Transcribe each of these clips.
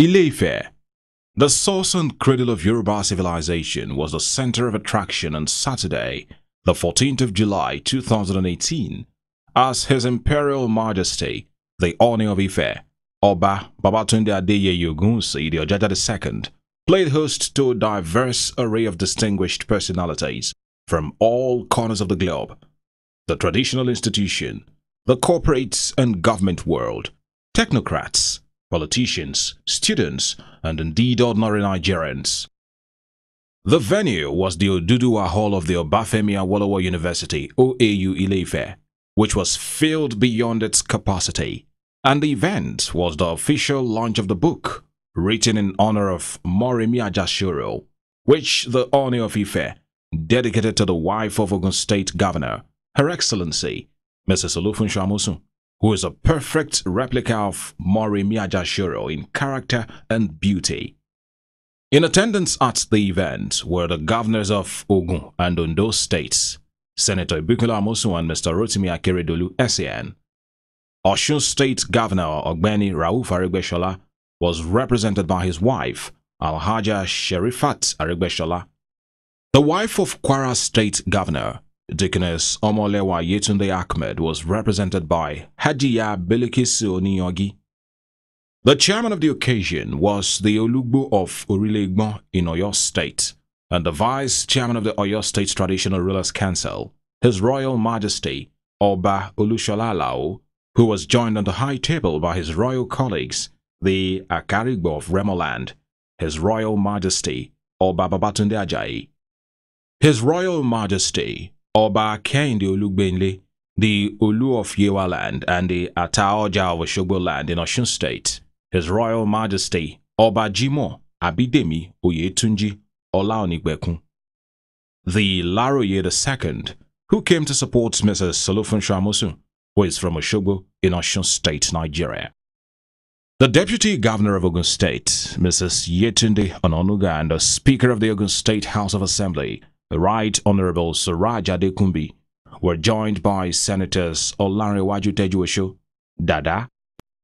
Ileife, the source and cradle of Yoruba civilization, was the center of attraction on Saturday, the 14th of July 2018, as His Imperial Majesty, the Oni of Ife, Oba Babatunde Adeyeye Ogunsi the Ojeda II, played host to a diverse array of distinguished personalities from all corners of the globe, the traditional institution, the corporate and government world, technocrats, politicians, students, and indeed ordinary Nigerians. The venue was the Oduduwa Hall of the Obafemi Awolowo University, OAU Ileife, which was filled beyond its capacity, and the event was the official launch of the book, written in honor of Morimi Ajashuro, which the Oni of Ife dedicated to the wife of Ogun State Governor, Her Excellency, Mrs. Olufunshi Amusun who is a perfect replica of Mori Miyajashiro in character and beauty. In attendance at the event were the governors of Ogun and Ondo states, Senator Bukola Amosu and Mr. Rotimi Akeredolu SAN. Osun State Governor Ogbeni Rauf Aregbeshola was represented by his wife, Alhaja Sherifat Aregbeshola. The wife of Kwara State Governor Deaconess Omolewa Yetunde Ahmed was represented by Hadiya Belikisu Oniyogi. The chairman of the occasion was the Olugbo of Orilegbon in Oyo State and the vice chairman of the Oyo State Traditional Rulers Council, His Royal Majesty Oba Olusholalao, who was joined on the high table by his royal colleagues, the Akarigbo of Remoland, His Royal Majesty Oba Babatunde Ajayi, His Royal Majesty Oba Kendi Olugbenle, the Olu of Yewa land and the Ataoja of Oshogbo land in Osun State, His Royal Majesty Oba Jimo Abidemi Oyetunji Olaonigbekun, the Laroye II, who came to support Mrs. Solofun Shamosun, who is from Oshogbo in Osun State, Nigeria. The Deputy Governor of Ogun State, Mrs. Yetunde Ononuga, and the Speaker of the Ogun State House of Assembly, the Right Honorable Suraj Adekumbi were joined by Senators Olanrewaju Tejuesho, Dada,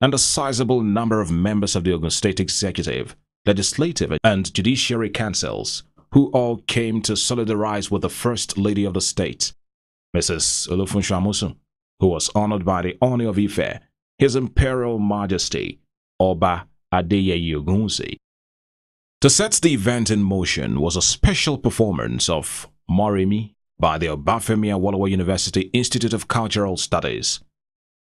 and a sizable number of members of the Ogun State Executive, Legislative and Judiciary Councils, who all came to solidarize with the First Lady of the State, Mrs. Olufunsho Amusun, who was honored by the honor of Ife, His Imperial Majesty, Oba Adeyeye Ogunwusi, to set the event in motion was a special performance of Morimi by the Obafemi Awolowo University Institute of Cultural Studies.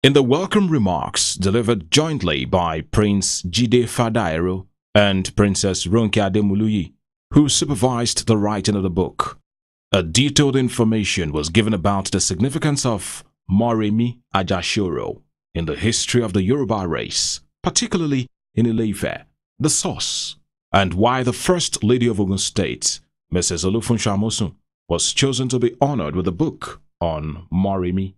In the welcome remarks delivered jointly by Prince Jide Fadairo and Princess Ronke Ademuluyi, who supervised the writing of the book, a detailed information was given about the significance of Morimi Ajashoro in the history of the Yoruba race, particularly in Ileife, the source and why the First Lady of Ogun State, Mrs. Olufunsa Amosun, was chosen to be honored with a book on Morimi.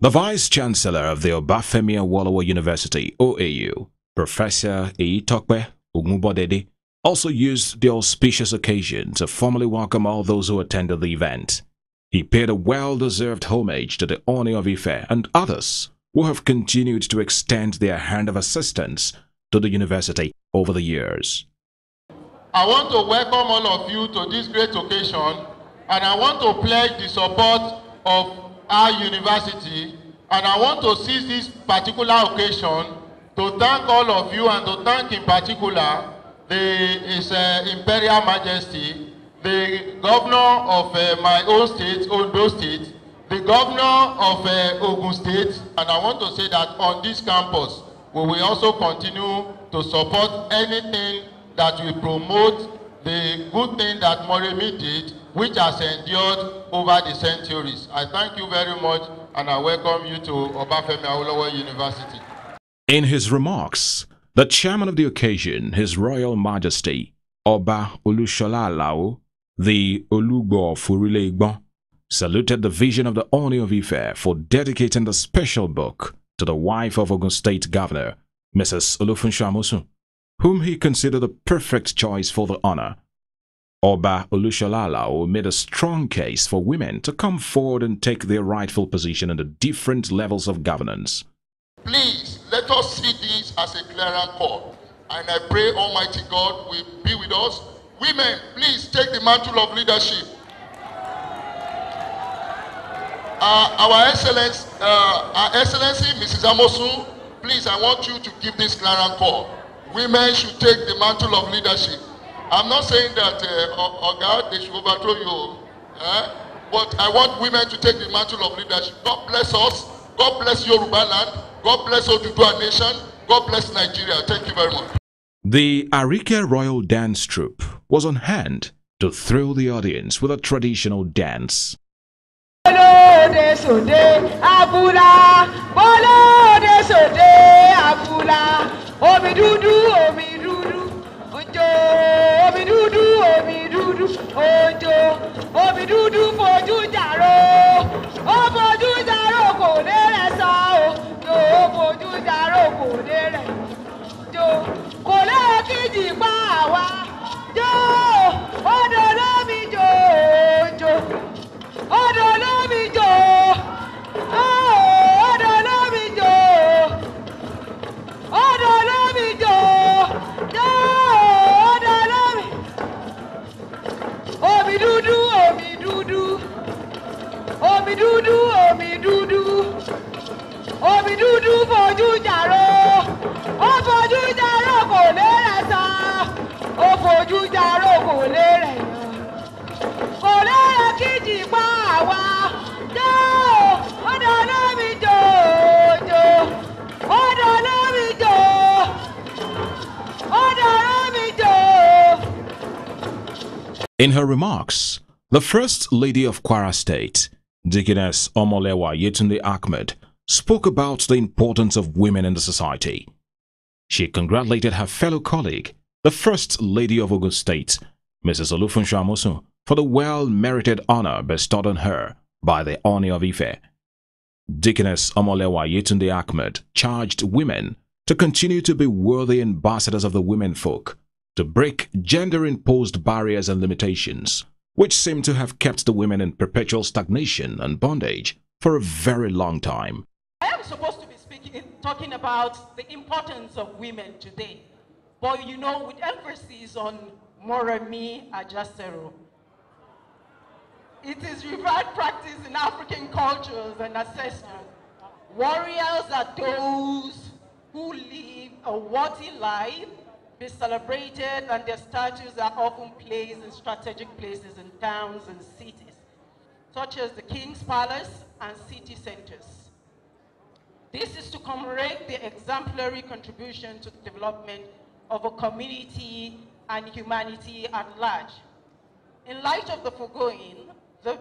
The Vice Chancellor of the Obafemi Awolowo University, OAU, Professor Eitokbe Ogunbodede, also used the auspicious occasion to formally welcome all those who attended the event. He paid a well-deserved homage to the Oni of Ife and others who have continued to extend their hand of assistance to the university over the years. I want to welcome all of you to this great occasion and I want to pledge the support of our university and I want to seize this particular occasion to thank all of you and to thank in particular the, His uh, Imperial Majesty, the governor of uh, my own state, Ondo State, the governor of uh, Ogun State, and I want to say that on this campus, we will also continue to support anything that will promote the good thing that Moremi did, which has endured over the centuries. I thank you very much, and I welcome you to Obafemi Awolowo University. In his remarks, the chairman of the occasion, His Royal Majesty, Oba Olushola Alao, the Olugbo Furilegbon, saluted the vision of the Oni of Ife for dedicating the special book to the wife of Ogun State Governor, Mrs. Olufunshua whom he considered the perfect choice for the honor. Oba Ulushalalau made a strong case for women to come forward and take their rightful position in the different levels of governance. Please, let us see this as a clearer call. And I pray Almighty God will be with us. Women, please take the mantle of leadership. Uh, our excellence, uh, our excellency, Mrs. Amosu, please, I want you to give this clearer call women should take the mantle of leadership. I'm not saying that, uh, oh, oh God, they should overthrow you. Eh? But I want women to take the mantle of leadership. God bless us. God bless Yoruba land. God bless Oduduwa nation. God bless Nigeria. Thank you very much. The Arike Royal Dance Troupe was on hand to thrill the audience with a traditional dance. omi dúdú omi dúdú ojo. omi dúdú omi dúdú ojo. omi dúdú fojú In her remarks, the First Lady of Kwara State, Deaconess Omolewa Yetunde Ahmed, spoke about the importance of women in the society. She congratulated her fellow colleague, the First Lady of Ogun State, Mrs. Olufunshua Mosun, for the well-merited honor bestowed on her by the Oni of Ife. Deaconess Omolewa Yetunde Ahmed charged women to continue to be worthy ambassadors of the women folk to break gender-imposed barriers and limitations, which seem to have kept the women in perpetual stagnation and bondage for a very long time. I am supposed to be speaking, talking about the importance of women today, but you know, with emphasis on Moremi Ajacero. It is revered practice in African cultures and ancestors. Warriors are those who live a worthy life be celebrated and their statues are often placed in strategic places in towns and cities, such as the King's Palace and city centers. This is to commemorate the exemplary contribution to the development of a community and humanity at large. In light of the foregoing, the,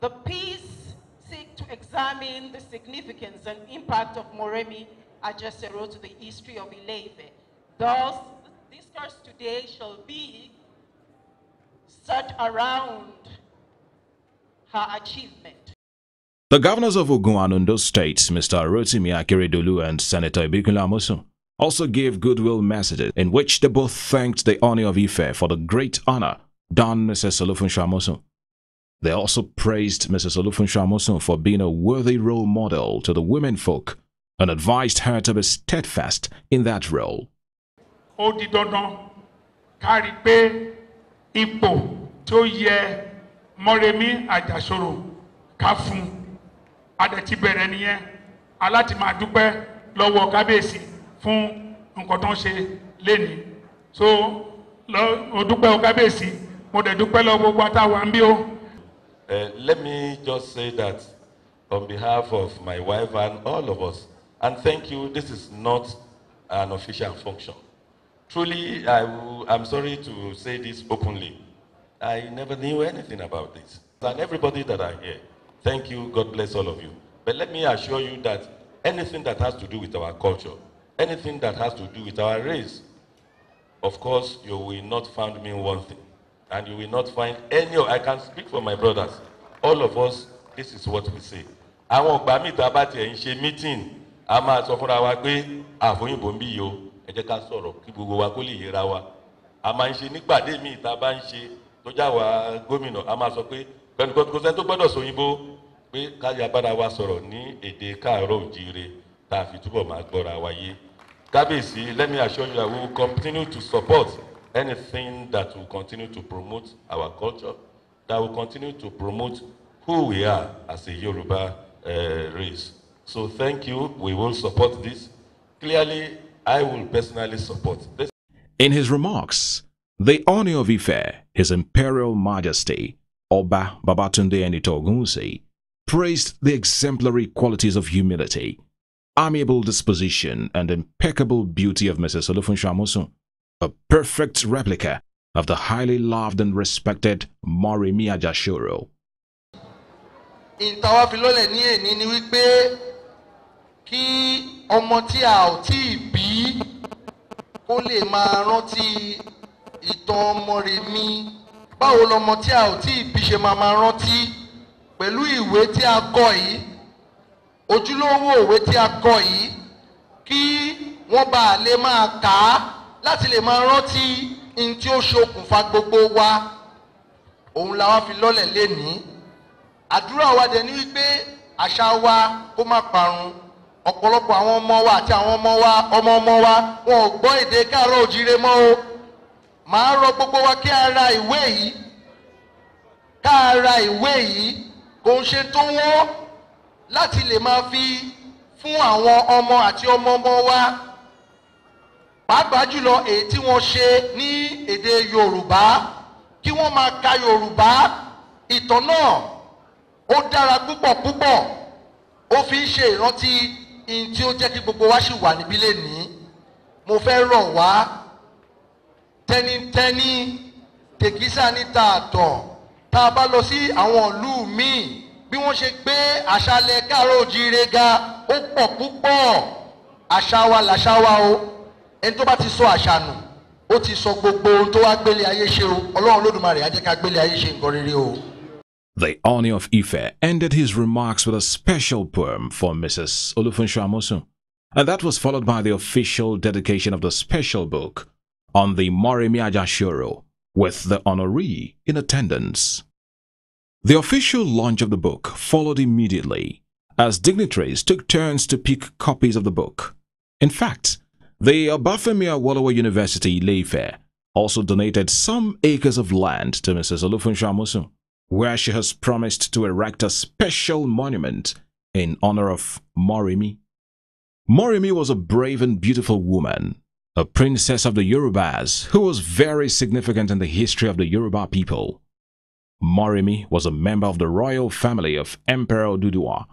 the piece seeks to examine the significance and impact of Moremi Ajacero to the history of Ileife, thus today shall be set around her achievement. The governors of Ogun and Ondo states, Mr. Rotimi Akeredolu and Senator Ibikula Amosun, also gave goodwill messages in which they both thanked the Oni of Ife for the great honor done Mrs. Solufun Shamosun. They also praised Mrs. Solufun Shamosun for being a worthy role model to the women folk and advised her to be steadfast in that role. ó di dandan ká pé ipò tó yẹ Mọ́remí Àjàsorò ká fún adẹ̀tí bẹ̀rẹ̀ nìyẹn aláti máa dúpẹ́ lọ́wọ́ kábíyèsí fún nǹkan tó ń ṣe lénìí so ó dúpẹ́ o kábíyèsí mo dẹ̀ dúpẹ́ lọ́wọ́ gbogbo àtàwọn àmì o. Eh, let me just say that on behalf of my wife and all of us, and thank you, this is not an official function. Truly, I am sorry to say this openly. I never knew anything about this. And everybody that are here, thank you. God bless all of you. But let me assure you that anything that has to do with our culture, anything that has to do with our race, of course, you will not find me one thing. And you will not find any, I can speak for my brothers. All of us, this is what we say. Àwọn ọgbà mi ta bá tiẹ̀ ń meeting, a máa sọ fúnra wa pé àfòyìnbó ń bí yìí o ká sọ̀rọ̀ kí gbogbo wa kó lè wa a máa ń ṣe bá ń ṣe tó já wa gómìnà a máa sọ pé tó gbọ́dọ̀ sóyìnbó pé ká yà wa sọ̀rọ̀ ní èdè tá a fi túbọ̀ máa gbọ́ra wa yé kábíyèsí let me assure you that we will continue to support anything that will continue to promote our culture that will continue to promote who we are as a Yoruba uh, eh, race so thank you we will support this clearly I will personally support this. In his remarks, the honor of Ife, His Imperial Majesty, Oba Babatunde Enitogunsi, praised the exemplary qualities of humility, amiable disposition, and impeccable beauty of Mrs. Olufun Shamusun, a perfect replica of the highly loved and respected Mari Ajashoro. Jashuro. ni kí ọmọ tí a ò tí ì bí kó lè máa rántí ìtàn ọmọ rẹ̀ mi báwo lọmọ tí a ò tí ì bí ṣe máa máa rántí pẹ̀lú ìwé tí a kọ yìí ojúlówó ìwé tí a kọ yìí kí wọ́n bá lè máa kà á láti lè máa rántí ní tí ó ṣokùnfà gbogbo wa òun la wá fi lọ́lẹ̀ lénìí àdúrà wa dẹ̀ ní wípé àṣà wa kó má parun ọ̀pọ̀lọpọ̀ àwọn ọmọ wa àti àwọn ọmọ wa ọmọ ọmọ wa wọn ò gbọ́ èdè káàárọ̀ òjíire mọ́ o màá rọ gbogbo wa kí a ra ìwé yìí ká a ra ìwé yìí kò ń ṣe tó wọ́n láti lè máa fi fún àwọn ọmọ àti ọmọ ọmọ wa pàápàá jùlọ èyí tí wọ́n ṣe ní èdè Yorùbá kí wọ́n máa ka Yorùbá ìtàn náà ó dára púpọ̀ púpọ̀ ó fi ń ṣe ìrántí in tí ó jẹ́ kí gbogbo wa ṣì wà níbí lẹ́ni mo fẹ́ rọ̀ wá tẹ́nitẹ́ni tèkísà níta àtọ̀ tá a bá lọ sí àwọn ìlú míì bí wọ́n ṣe gbé àṣàlẹ̀ káàró òjíire ga ó pọ̀ púpọ̀ àṣà wa làṣà wa o ẹni tó bá ti sọ àṣà nù ó ti sọ gbogbo ohun tó wá gbélé ayé ṣe o ọlọ́run lódùmarè á jẹ́ ká gbélé ayé ṣe nǹkan rere o. The Oni of Ife ended his remarks with a special poem for Mrs. Olufunsho Amosun, and that was followed by the official dedication of the special book on the Morimi Ajashuro, with the honoree in attendance. The official launch of the book followed immediately, as dignitaries took turns to pick copies of the book. In fact, the Obafemia Wallowa University Leife also donated some acres of land to Mrs. Olufunsho Amosun where she has promised to erect a special monument in honor of Morimi. Morimi was a brave and beautiful woman, a princess of the Yorubas who was very significant in the history of the Yoruba people. Morimi was a member of the royal family of Emperor Dudua.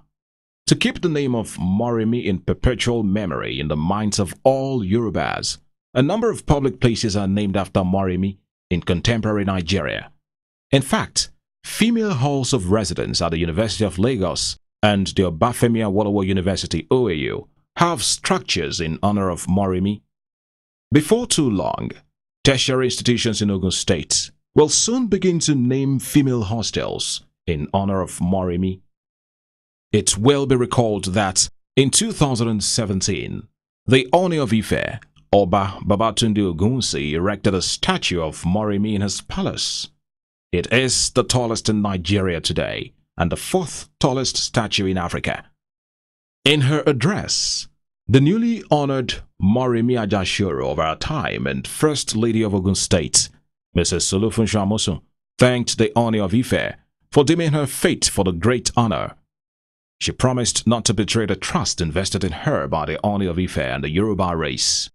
To keep the name of Morimi in perpetual memory in the minds of all Yorubas, a number of public places are named after Morimi in contemporary Nigeria. In fact, Female halls of residence at the University of Lagos and the Obafemi Awolowo University OAU have structures in honor of Morimi. Before too long, tertiary institutions in Ogun State will soon begin to name female hostels in honor of Morimi. It will be recalled that in 2017, the Oni of Ife, Oba Babatunde Ogunsi erected a statue of Morimi in his palace. It is the tallest in Nigeria today and the fourth tallest statue in Africa. In her address, the newly honored Morimi Ajashuro of our time and First Lady of Ogun State, Mrs. Solufun Shamosun, thanked the Oni of Ife for deeming her fate for the great honor. She promised not to betray the trust invested in her by the Oni of Ife and the Yoruba race.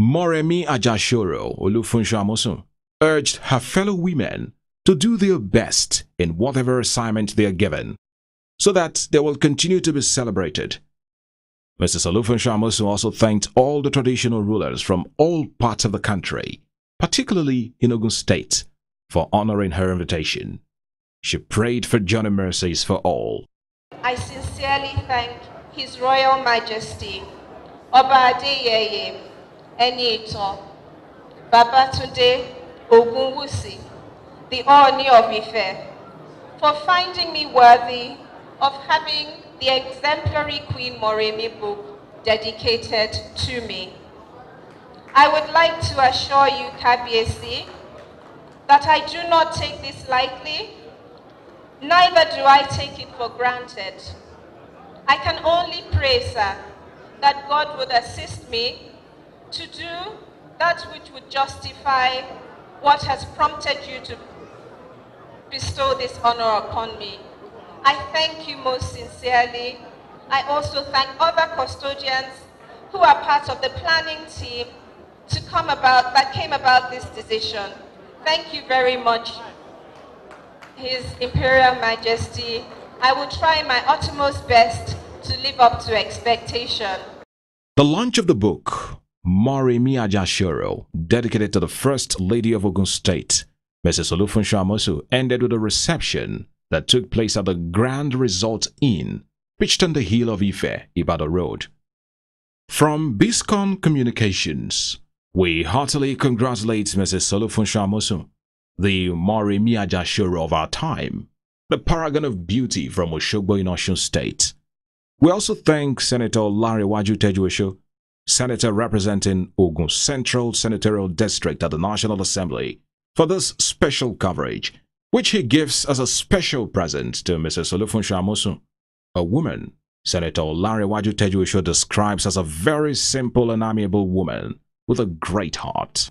Moremi Ajashuro Olufunshamosun urged her fellow women to do their best in whatever assignment they are given, so that they will continue to be celebrated. Mr. Salufan Shamosu also thanked all the traditional rulers from all parts of the country, particularly in Ogun State, for honoring her invitation. She prayed for Johnny mercies for all. I sincerely thank His Royal Majesty, Oba Adeyeye Enito, Babatunde Ogunwusi, the honour of Ife, for finding me worthy of having the exemplary Queen Moremi book dedicated to me. I would like to assure you, Kabiesi, that I do not take this lightly, neither do I take it for granted. I can only pray, sir, that God would assist me to do that which would justify what has prompted you to bestow this honor upon me. I thank you most sincerely. I also thank other custodians who are part of the planning team to come about that came about this decision. Thank you very much, His Imperial Majesty. I will try my utmost best to live up to expectation. The launch of the book, Mori Miyajashiro, dedicated to the First Lady of Ogun State, Mrs. Olufun Shamosu ended with a reception that took place at the Grand Resort Inn, pitched on the hill of Ife, Ibadan Road. From BISCON Communications, we heartily congratulate Mrs. Olufun Shamosu, the Mori Miyajashiro of our time, the paragon of beauty from Oshogbo in Osun State. We also thank Senator Waju Tejuesho, Senator representing Ogun Central Senatorial District at the National Assembly, for this special coverage, which he gives as a special present to Mrs. Olufunsa a woman Senator Larewaju Tejuisho describes as a very simple and amiable woman with a great heart.